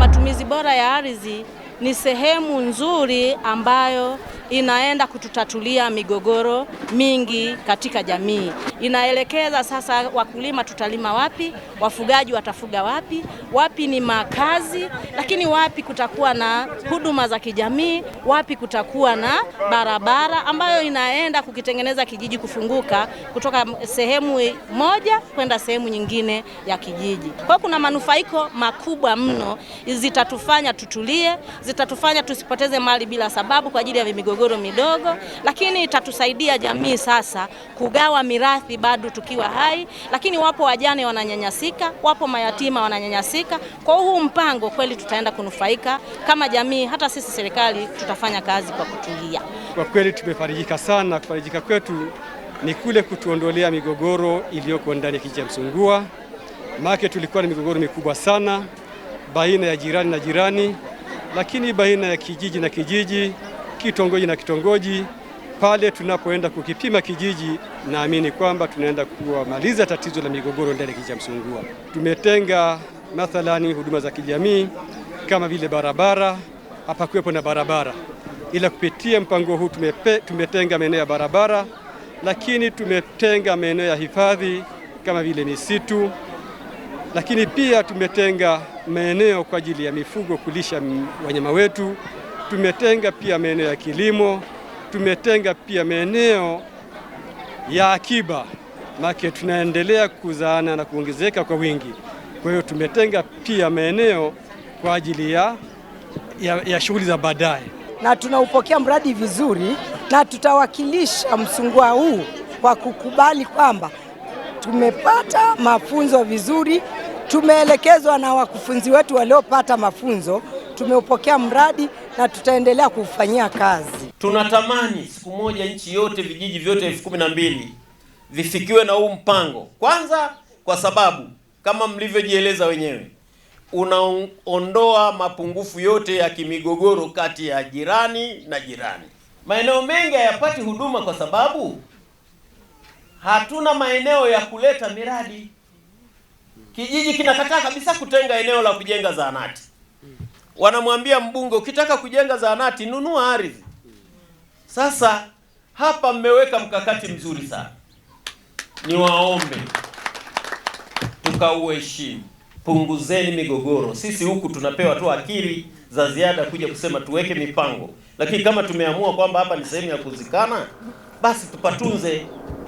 matumizi bora ya ardhi ni sehemu nzuri ambayo inaenda kututatulia migogoro mingi katika jamii inaelekeza sasa wakulima tutalima wapi, wafugaji watafuga wapi, wapi ni makazi, lakini wapi kutakuwa na huduma za kijamii, wapi kutakuwa na barabara ambayo inaenda kukitengeneza kijiji kufunguka kutoka sehemu moja kwenda sehemu nyingine ya kijiji. Kwa kuna manufaiko makubwa mno, zitatufanya tutulie, zitatufanya tusipoteze mali bila sababu kwa ajili ya migogoro midogo, lakini itatusaidia jamii sasa kugawa mirathi urithi bado tukiwa hai, lakini wapo wajane wananyanyasika, wapo mayatima wananyanyasika. Kwa huu mpango kweli tutaenda kunufaika kama jamii, hata sisi serikali tutafanya kazi kwa kutulia. Kwa kweli tumefarijika sana, kufarijika kwetu ni kule kutuondolea migogoro iliyoko ndani ya kijiji cha Msungua. Maana tulikuwa na migogoro mikubwa sana baina ya jirani na jirani, lakini baina ya kijiji na kijiji, kitongoji na kitongoji, pale tunapoenda kukipima kijiji naamini kwamba tunaenda kuwamaliza tatizo la migogoro ndani ya kijiji cha Msungua. Tumetenga mathalani huduma za kijamii kama vile barabara, hapakuwepo na barabara, ila kupitia mpango huu tumepe, tumetenga maeneo ya barabara, lakini tumetenga maeneo ya hifadhi kama vile misitu, lakini pia tumetenga maeneo kwa ajili ya mifugo kulisha wanyama wetu, tumetenga pia maeneo ya kilimo, tumetenga pia maeneo ya akiba make tunaendelea kuzaana na kuongezeka kwa wingi. Kwa hiyo tumetenga pia maeneo kwa ajili ya, ya, ya shughuli za baadaye, na tunaupokea mradi vizuri na tutawakilisha Msungwa huu kwa kukubali kwamba tumepata mafunzo vizuri, tumeelekezwa na wakufunzi wetu waliopata mafunzo. Tumeupokea mradi na tutaendelea kuufanyia kazi. Tunatamani siku moja nchi yote vijiji vyote elfu kumi na mbili vifikiwe na huu mpango. Kwanza kwa sababu kama mlivyojieleza wenyewe unaondoa mapungufu yote ya kimigogoro kati ya jirani na jirani. Maeneo mengi hayapati huduma kwa sababu hatuna maeneo ya kuleta miradi. Kijiji kinakataa kabisa kutenga eneo la kujenga zahanati, wanamwambia mbunge, ukitaka kujenga zahanati nunua ardhi sasa hapa mmeweka mkakati mzuri sana, niwaombe tukauheshimu. Punguzeni migogoro. Sisi huku tunapewa tu akili za ziada kuja kusema tuweke mipango, lakini kama tumeamua kwamba hapa ni sehemu ya kuzikana, basi tupatunze.